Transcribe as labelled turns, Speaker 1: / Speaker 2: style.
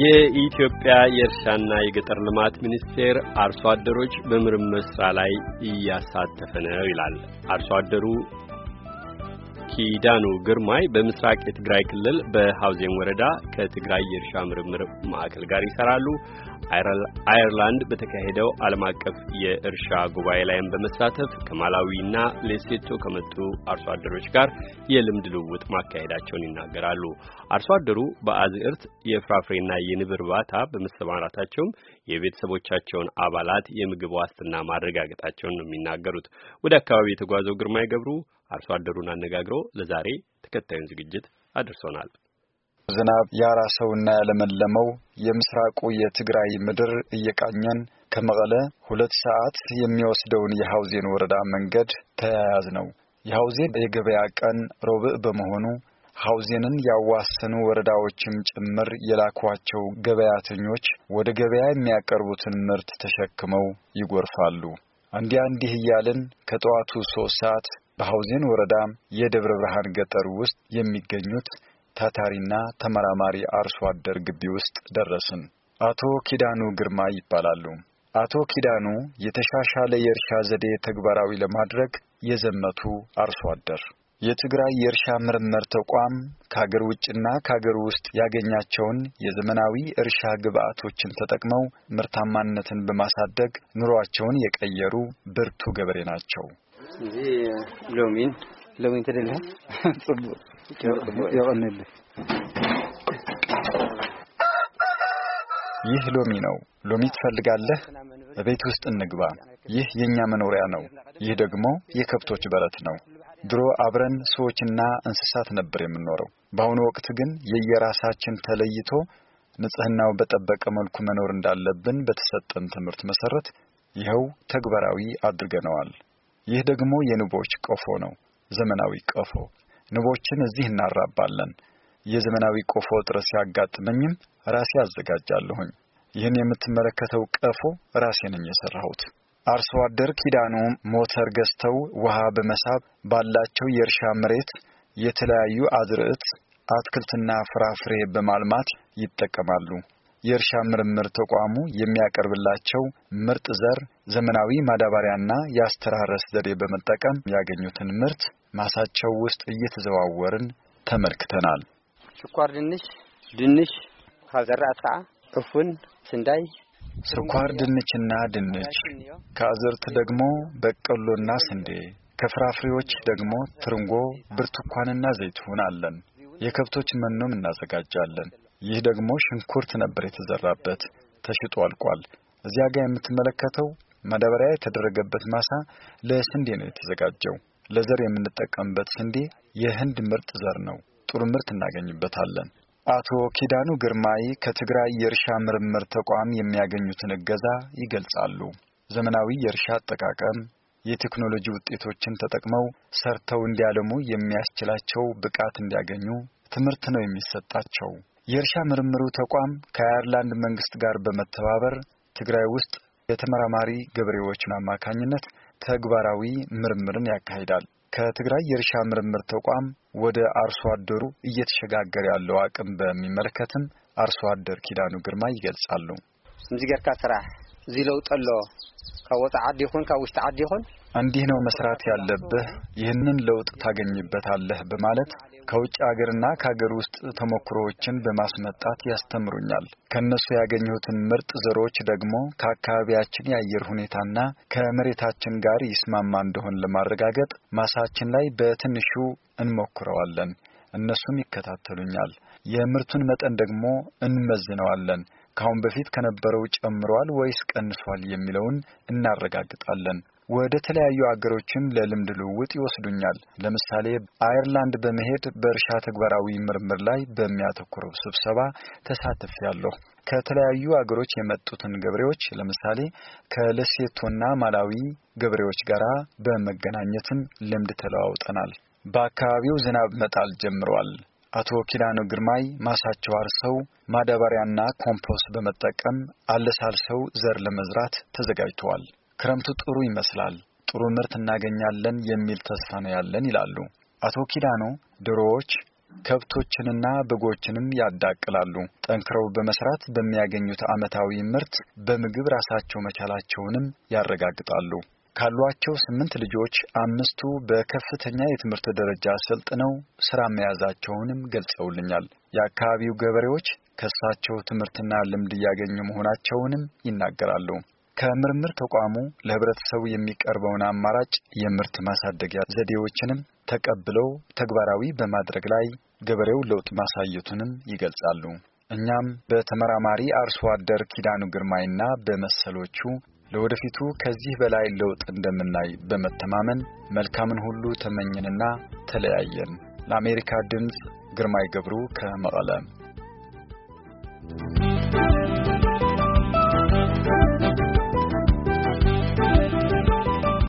Speaker 1: የኢትዮጵያ የእርሻና የገጠር ልማት ሚኒስቴር አርሶ አደሮች በምርምር ስራ ላይ እያሳተፈ ነው ይላል። አርሶ አደሩ ኪዳኑ ግርማይ በምስራቅ የትግራይ ክልል በሐውዜን ወረዳ ከትግራይ የእርሻ ምርምር ማዕከል ጋር ይሰራሉ። አየርላንድ በተካሄደው ዓለም አቀፍ የእርሻ ጉባኤ ላይም በመሳተፍ ከማላዊና ሌሴቶ ከመጡ አርሶ አደሮች ጋር የልምድ ልውውጥ ማካሄዳቸውን ይናገራሉ። አርሶ አደሩ በአዝዕርት የፍራፍሬና የንብ እርባታ በመሰማራታቸውም የቤተሰቦቻቸውን አባላት የምግብ ዋስትና ማረጋገጣቸውን ነው የሚናገሩት። ወደ አካባቢ የተጓዘው ግርማይ ገብሩ አርሶ አደሩን አነጋግሮ ለዛሬ ተከታዩን ዝግጅት አድርሶናል።
Speaker 2: ዝናብ ያራሰውና ያለመለመው የምስራቁ የትግራይ ምድር እየቃኘን ከመቀለ ሁለት ሰዓት የሚወስደውን የሐውዜን ወረዳ መንገድ ተያያዝ ነው። የሐውዜን የገበያ ቀን ሮብዕ በመሆኑ ሐውዜንን ያዋሰኑ ወረዳዎችም ጭምር የላኳቸው ገበያተኞች ወደ ገበያ የሚያቀርቡትን ምርት ተሸክመው ይጎርፋሉ። እንዲያ እንዲህ እያልን ከጠዋቱ ሶስት ሰዓት በሐውዜን ወረዳ የደብረ ብርሃን ገጠር ውስጥ የሚገኙት ታታሪና ተመራማሪ አርሶ አደር ግቢ ውስጥ ደረስን። አቶ ኪዳኑ ግርማ ይባላሉ። አቶ ኪዳኑ የተሻሻለ የእርሻ ዘዴ ተግባራዊ ለማድረግ የዘመቱ አርሶ አደር የትግራይ የእርሻ ምርምር ተቋም ከአገር ውጭና ከአገር ውስጥ ያገኛቸውን የዘመናዊ እርሻ ግብዓቶችን ተጠቅመው ምርታማነትን በማሳደግ ኑሯቸውን የቀየሩ ብርቱ ገበሬ ናቸው።
Speaker 1: ሎሚን ሎሚን
Speaker 2: ጽቡቅ ይቀንልህ። ይህ ሎሚ ነው። ሎሚ ትፈልጋለህ? በቤት ውስጥ እንግባ። ይህ የኛ መኖሪያ ነው። ይህ ደግሞ የከብቶች በረት ነው። ድሮ አብረን ሰዎችና እንስሳት ነበር የምንኖረው። በአሁኑ ወቅት ግን የየራሳችን ተለይቶ ንጽህናው በጠበቀ መልኩ መኖር እንዳለብን በተሰጠን ትምህርት መሰረት ይኸው ተግባራዊ አድርገነዋል። ይህ ደግሞ የንቦች ቀፎ ነው፣ ዘመናዊ ቀፎ። ንቦችን እዚህ እናራባለን። የዘመናዊ ቀፎ እጥረት ሲያጋጥመኝም ራሴ አዘጋጃለሁኝ። ይህን የምትመለከተው ቀፎ ራሴ ነኝ የሠራሁት። አርሶ አደር ኪዳኑ ሞተር ገዝተው ውሃ በመሳብ ባላቸው የእርሻ መሬት የተለያዩ አዝርዕት፣ አትክልትና ፍራፍሬ በማልማት ይጠቀማሉ። የእርሻ ምርምር ተቋሙ የሚያቀርብላቸው ምርጥ ዘር፣ ዘመናዊ ማዳበሪያና የአስተራረስ ዘዴ በመጠቀም ያገኙትን ምርት ማሳቸው ውስጥ እየተዘዋወርን ተመልክተናል።
Speaker 1: ስኳር ድንሽ፣ ድንሽ ካብዘራእት ከዓ እፉን፣ ስንዳይ፣
Speaker 2: ስኳር ድንችና ድንች ከአዝርት ደግሞ በቆሎና ስንዴ ከፍራፍሬዎች ደግሞ ትርንጎ፣ ብርቱካንና ዘይቱን አለን። የከብቶች መኖም እናዘጋጃለን። ይህ ደግሞ ሽንኩርት ነበር የተዘራበት፣ ተሽጦ አልቋል። እዚያ ጋር የምትመለከተው ማዳበሪያ የተደረገበት ማሳ ለስንዴ ነው የተዘጋጀው። ለዘር የምንጠቀምበት ስንዴ የህንድ ምርጥ ዘር ነው። ጥሩ ምርት እናገኝበታለን። አቶ ኪዳኑ ግርማይ ከትግራይ የእርሻ ምርምር ተቋም የሚያገኙትን እገዛ ይገልጻሉ። ዘመናዊ የእርሻ አጠቃቀም የቴክኖሎጂ ውጤቶችን ተጠቅመው ሰርተው እንዲያለሙ የሚያስችላቸው ብቃት እንዲያገኙ ትምህርት ነው የሚሰጣቸው። የእርሻ ምርምሩ ተቋም ከአየርላንድ መንግስት ጋር በመተባበር ትግራይ ውስጥ የተመራማሪ ገበሬዎችን አማካኝነት ተግባራዊ ምርምርን ያካሂዳል። ከትግራይ የእርሻ ምርምር ተቋም ወደ አርሶ አደሩ እየተሸጋገረ ያለው አቅም በሚመለከትም አርሶ አደር ኪዳኑ ግርማ ይገልጻሉ።
Speaker 1: እንዚ ጌርካ ስራሕ እዚ ለውጥ ኣሎ ካብ ወፃ ዓዲ ይኹን ካብ ውሽጢ ዓዲ ይኹን
Speaker 2: እንዲህ ነው መስራት ያለብህ፣ ይህንን ለውጥ ታገኝበታለህ በማለት ከውጭ አገርና ከሀገር ውስጥ ተሞክሮዎችን በማስመጣት ያስተምሩኛል። ከእነሱ ያገኘሁትን ምርጥ ዘሮች ደግሞ ከአካባቢያችን የአየር ሁኔታና ከመሬታችን ጋር ይስማማ እንደሆን ለማረጋገጥ ማሳችን ላይ በትንሹ እንሞክረዋለን። እነሱም ይከታተሉኛል። የምርቱን መጠን ደግሞ እንመዝነዋለን። ከአሁን በፊት ከነበረው ጨምሯል ወይስ ቀንሷል የሚለውን እናረጋግጣለን። ወደ ተለያዩ አገሮችም ለልምድ ልውውጥ ይወስዱኛል። ለምሳሌ አየርላንድ በመሄድ በእርሻ ተግባራዊ ምርምር ላይ በሚያተኩረው ስብሰባ ተሳትፌያለሁ። ከተለያዩ አገሮች የመጡትን ገበሬዎች ለምሳሌ ከሌሴቶና ማላዊ ገበሬዎች ጋር በመገናኘትም ልምድ ተለዋውጠናል። በአካባቢው ዝናብ መጣል ጀምሯል። አቶ ኪዳኑ ግርማይ ማሳቸው አርሰው ማዳበሪያና ኮምፖስት በመጠቀም አለሳልሰው ዘር ለመዝራት ተዘጋጅተዋል። ክረምቱ ጥሩ ይመስላል፣ ጥሩ ምርት እናገኛለን የሚል ተስፋ ነው ያለን ይላሉ አቶ ኪዳኖ። ዶሮዎች ከብቶችንና በጎችንም ያዳቅላሉ። ጠንክረው በመስራት በሚያገኙት ዓመታዊ ምርት በምግብ ራሳቸው መቻላቸውንም ያረጋግጣሉ። ካሏቸው ስምንት ልጆች አምስቱ በከፍተኛ የትምህርት ደረጃ ሰልጥነው ሥራ መያዛቸውንም ገልጸውልኛል። የአካባቢው ገበሬዎች ከእሳቸው ትምህርትና ልምድ እያገኙ መሆናቸውንም ይናገራሉ። ከምርምር ተቋሙ ለህብረተሰቡ የሚቀርበውን አማራጭ የምርት ማሳደጊያ ዘዴዎችንም ተቀብለው ተግባራዊ በማድረግ ላይ ገበሬው ለውጥ ማሳየቱንም ይገልጻሉ። እኛም በተመራማሪ አርሶ አደር ኪዳኑ ግርማይና በመሰሎቹ ለወደፊቱ ከዚህ በላይ ለውጥ እንደምናይ በመተማመን መልካምን ሁሉ ተመኝንና ተለያየን። ለአሜሪካ ድምፅ ግርማይ ገብሩ ከመቐለ